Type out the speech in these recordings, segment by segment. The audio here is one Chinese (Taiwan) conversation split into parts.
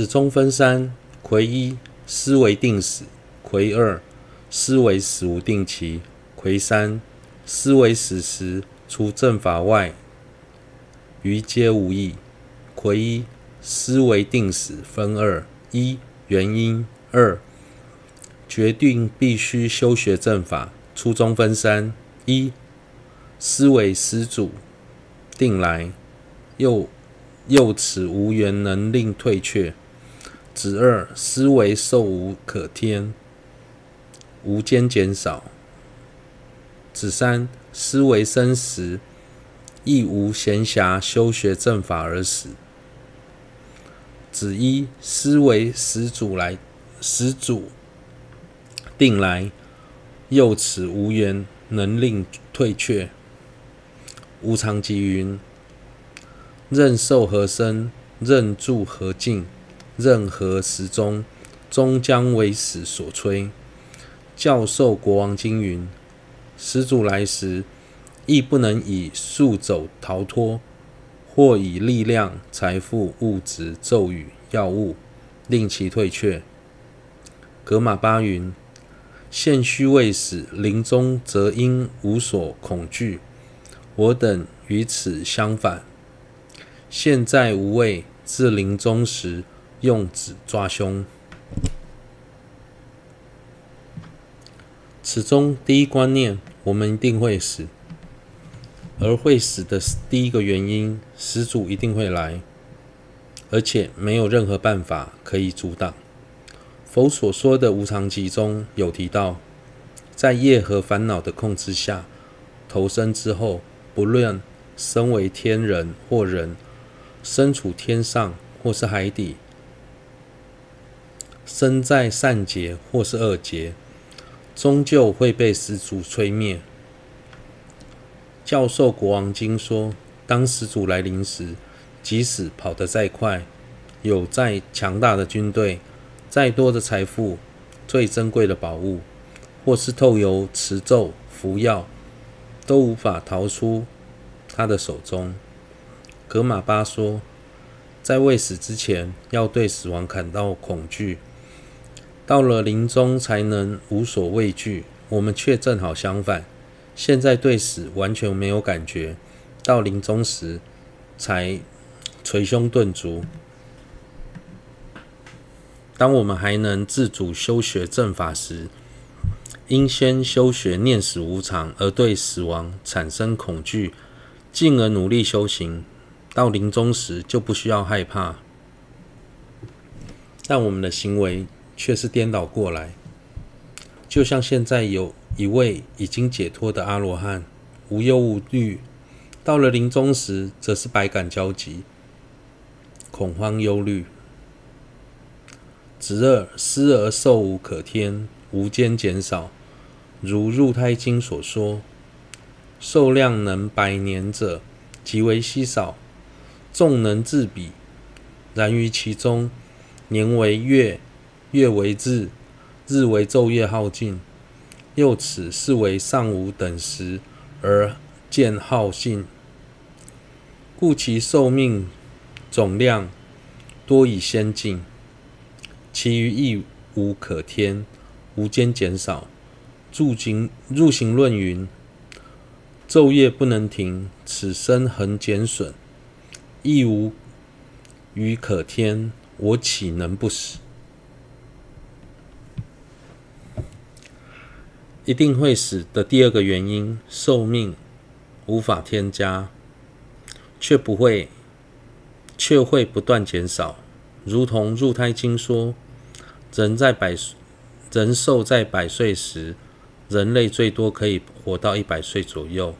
始終分三：魁一思維定死，魁二思維死無定期，魁三思維死時，時。除正法外，餘皆無益。魁一思維定死分二：一原因，二決定必須修學正法。初中分三：一思維死主定來，又又此無緣能令退卻。子二思維壽無可添，無間減少；子三思維生時亦無閒暇修學正法而死；子一思維死主來死主定來，又此無緣能令退卻。無常集雲：任壽何生？任住何境？任何時中終將為死所摧。教授國王經云死主來時亦不能以速走逃脫，或以力量、財富、物質、咒語、藥物令其退卻。格馬巴云：現須畏死，臨終則應無所恐懼。我等與此相反，現在無畏，至臨終時。用指抓胸，此中第一觀念，我們一定會死。而會死的第一個原因，死主一定會來，而且沒有任何辦法可以阻擋。佛所說的無常集中有提到，在業和煩惱的控制下，投生之後，不論身為天人或人，身處天上或是海底。身在善劫或是惡劫，終究會被死主摧滅。教授國王經說，當死主來臨時，即使跑得再快，有再強大的軍隊，再多的財富，最珍貴的寶物，或是透由持咒服藥，都無法逃出他的手中。格馬巴說，在未死之前，要對死亡感到恐懼。到了臨終才能無所畏懼，我們卻正好相反。現在對死完全沒有感覺，到臨終時才捶胸頓足。當我們還能自主修學正法時，應先修學念死無常，而對死亡產生恐懼，進而努力修行。到臨終時就不需要害怕。但我們的行為，卻是顛倒過來，就像現在有一位已經解脫的阿羅漢，無憂無慮，到了臨終時，則是百感交集，恐慌憂慮。子二、思惟壽無可添，無間減少。如入胎經所說，壽量能百年者，極為稀少，縱能至彼，然於其中，年為月。月為日，日為晝夜耗盡，又此是為上午等時而漸耗盡，故其壽命總量多已先盡，其餘亦無可添，無間減少。入行入行論云：晝夜不能停，此身恆減損，亦無餘可添，我豈能不死？一定會死的第二個原因，壽命無法添加，卻不會，卻會不斷減少。如同入胎經說，人在百，人壽在百歲時，人類最多可以活到一百歲左右，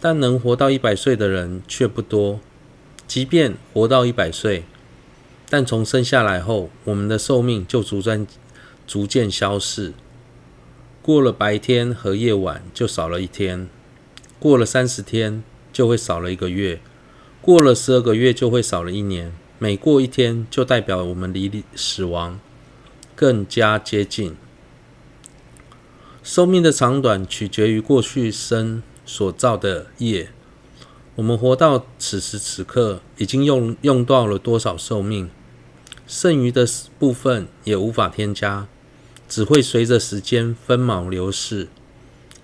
但能活到一百歲的人卻不多。即便活到一百歲，但從生下來後，我們的壽命就逐漸逐漸消逝。過了白天和夜晚，就少了一天；過了三十天，就會少了一個月；過了十二個月，就會少了一年。每過一天，就代表我們離死亡更加接近。壽命的長短取決於過去生所造的業。我們活到此時此刻，已經用用到了多少壽命？剩餘的部分也無法添加。只會隨着時間分秒流逝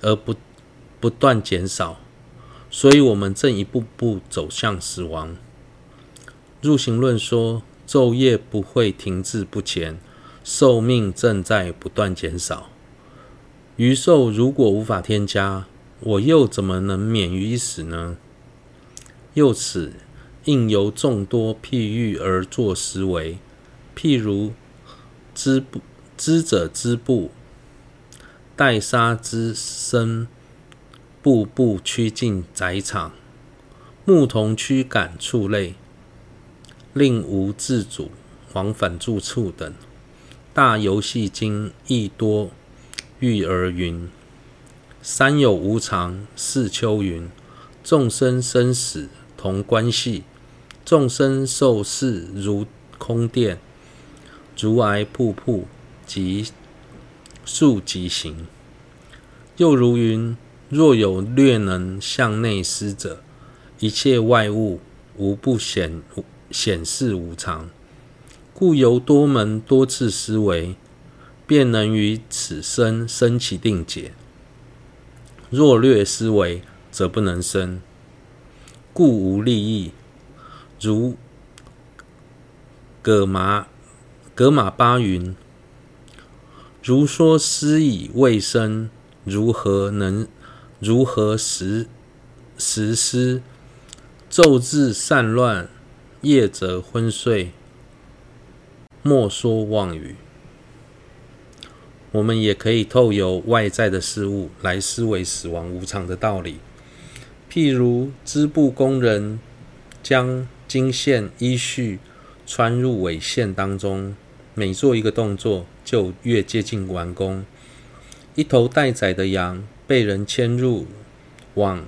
而不不斷減少，所以，我們正一步步走向死亡。入行論說，晝夜不會停滯不前，壽命正在不斷減少。餘壽如果無法添加，我又怎麼能免於一死呢？又此應由眾多譬喻而作思維，譬如織布。織者織布，待殺之身，步步趨近宰場。牧童驅趕畜類，令無自主，往返住處等。大遊戲經亦多。育兒云：三有無常，四秋雲。眾生生死同關係，眾生受事如空殿，如皚瀑布。即速即行。又如雲：若有略能向內思者，一切外物無不顯顯示無常，故由多門多次思維，便能於此身生生起定解。若略思維，則不能生，故無利益。如葛麻葛麻巴云。如說施以衛生，如何能如何實實施？晝至散亂，夜則昏睡，莫說妄語。我們也可以透由外在的事物來思維死亡無常的道理，譬如織布工人將經線、依序穿入緯線當中，每做一個動作，就越接近完工。一頭待宰的羊被人牽入往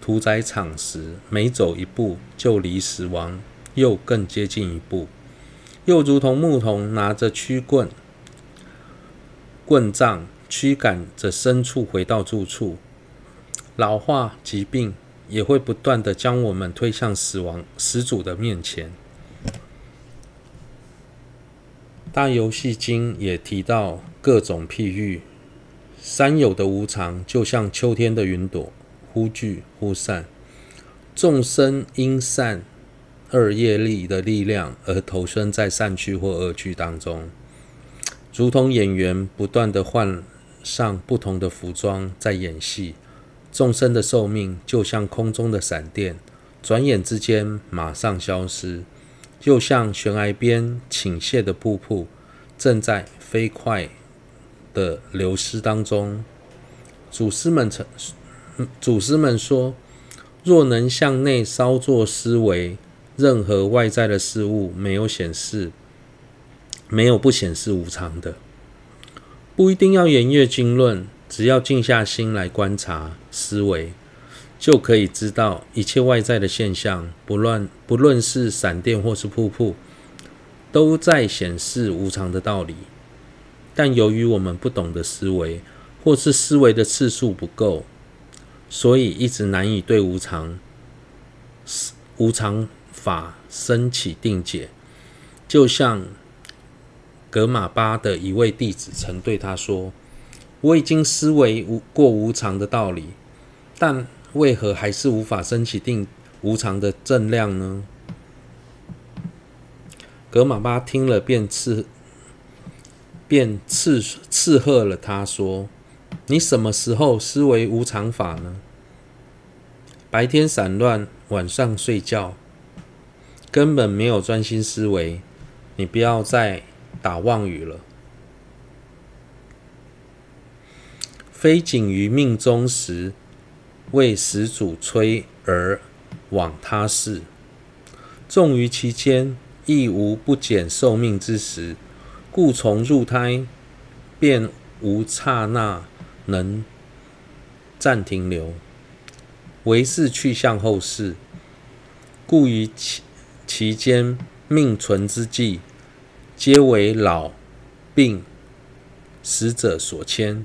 屠宰場時，每走一步就離死亡又更接近一步，又如同牧童拿着驅棍棍杖驅趕着牲畜回到住處。老化、疾病也會不斷的將我們推向死亡死主的面前。大遊戲經也提到各種譬喻：三有的無常，就像秋天的雲朵，忽聚忽散；眾生因善惡業力的力量而投身在善趣或惡趣當中，如同演員不斷地換上不同的服裝在演戲；眾生的壽命就像空中的閃電，轉眼之間馬上消失。就像懸崖邊傾瀉的瀑布，正在飛快的流失當中。祖師們曾祖師們說：若能向內稍作思維，任何外在的事物沒有顯示，沒有不顯示無常的，不一定要研閱經論，只要靜下心來觀察思維就可以知道一切外在的現象，不亂，不論是閃電或是瀑布，都在顯示無常的道理。但由於我們不懂得思維，或是思維的次數不夠，所以一直難以對無常、無常法生起定解。就像格瑪巴的一位弟子曾對他說：“我已經思維過無常的道理，但。”為何還是無法升起定無常的正量呢？葛馬巴聽了便，便斥便斥斥喝了他說：“你什麼時候思維無常法呢？白天散亂，晚上睡覺，根本沒有專心思維。你不要再打妄語了。非僅於命終時。”為始祖催而往他世，縱於其間亦無不減壽命之時，故從入胎便無剎那能暫停留，唯是去向後世，故於其其間命存之際，皆為老病死者所牽。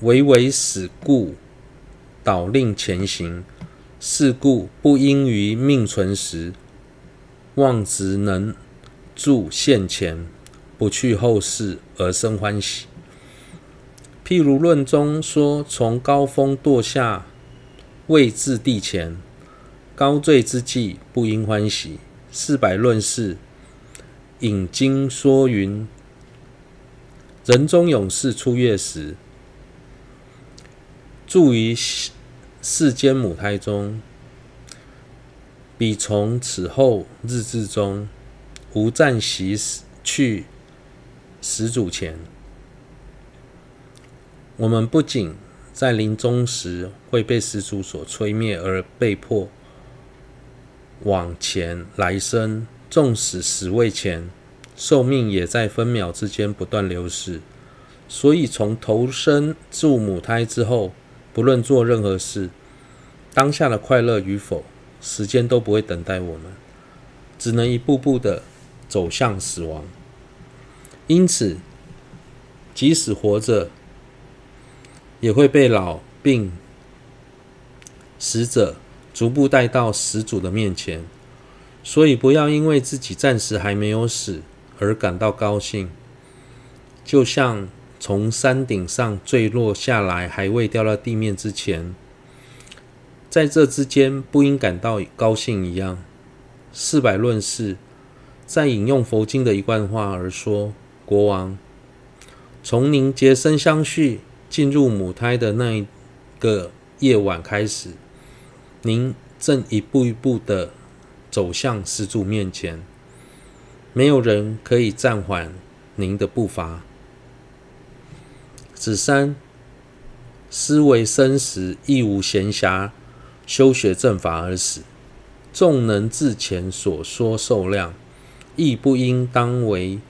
唯唯死故，導令前行。是故不應於命存時，望只能住現前，不去後世而生歡喜。譬如論中說，從高峰墮下，未至地前，高墜之際不應歡喜。四百論釋，引經說云：人中勇士出月時。住於世間母胎中，彼從此後日至中，無暫息去死主前。我們不僅在臨終時會被死主所摧滅，而被迫往前來生，縱使死未前，壽命也在分秒之間不斷流逝。所以從投生住母胎之後，不論做任何事，當下的快樂與否，時間都不會等待我們，只能一步步的走向死亡。因此，即使活着，也會被老病死者逐步帶到死主的面前。所以，不要因為自己暫時還沒有死而感到高興，就像。從山頂上墜落下來，還未掉到地面之前，在這之間不應感到高興一樣，四百論是在引用佛經的一段話而說：國王，從您結生相續進入母胎的那一個夜晚開始，您正一步一步地走向死主面前，沒有人可以暫緩您的步伐。子三，思惟生死亦無閒暇，修學正法而死。縱能至前所說壽量，亦不應當為，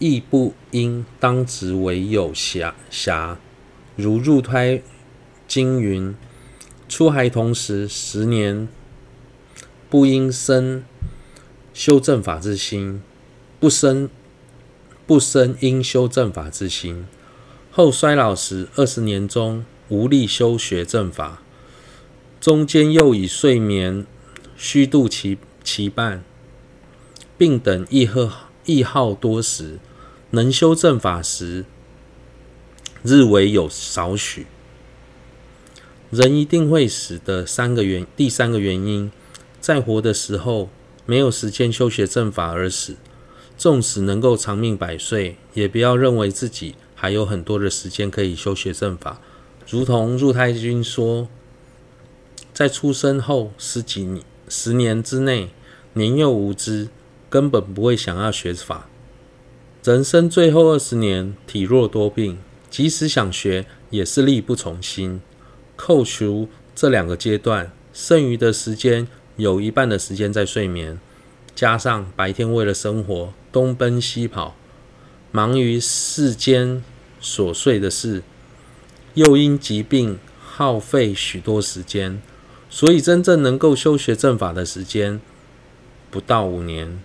亦不應當執為有暇。如入胎經云：出胎同時十年，不應生修正法之心，不生。不生應修正法之心，後衰老時二十年中無力修學正法，中間又以睡眠虛度其其半，病等亦耗亦耗多時，能修正法時，日為有少許。人一定會死的三個原，第三個原因，在活的時候沒有時間修學正法而死。縱使能夠長命百歲，也不要認為自己還有很多的時間可以修學正法。如同入胎經說，在出生後十幾年、十年之內，年幼無知，根本不會想要學法。人生最後二十年，體弱多病，即使想學，也是力不從心。扣除這兩個階段，剩餘的時間有一半的時間在睡眠。加上白天為了生活，東奔西跑，忙於世間瑣碎的事，又因疾病耗費許多時間，所以真正能夠修學正法的時間不到五年。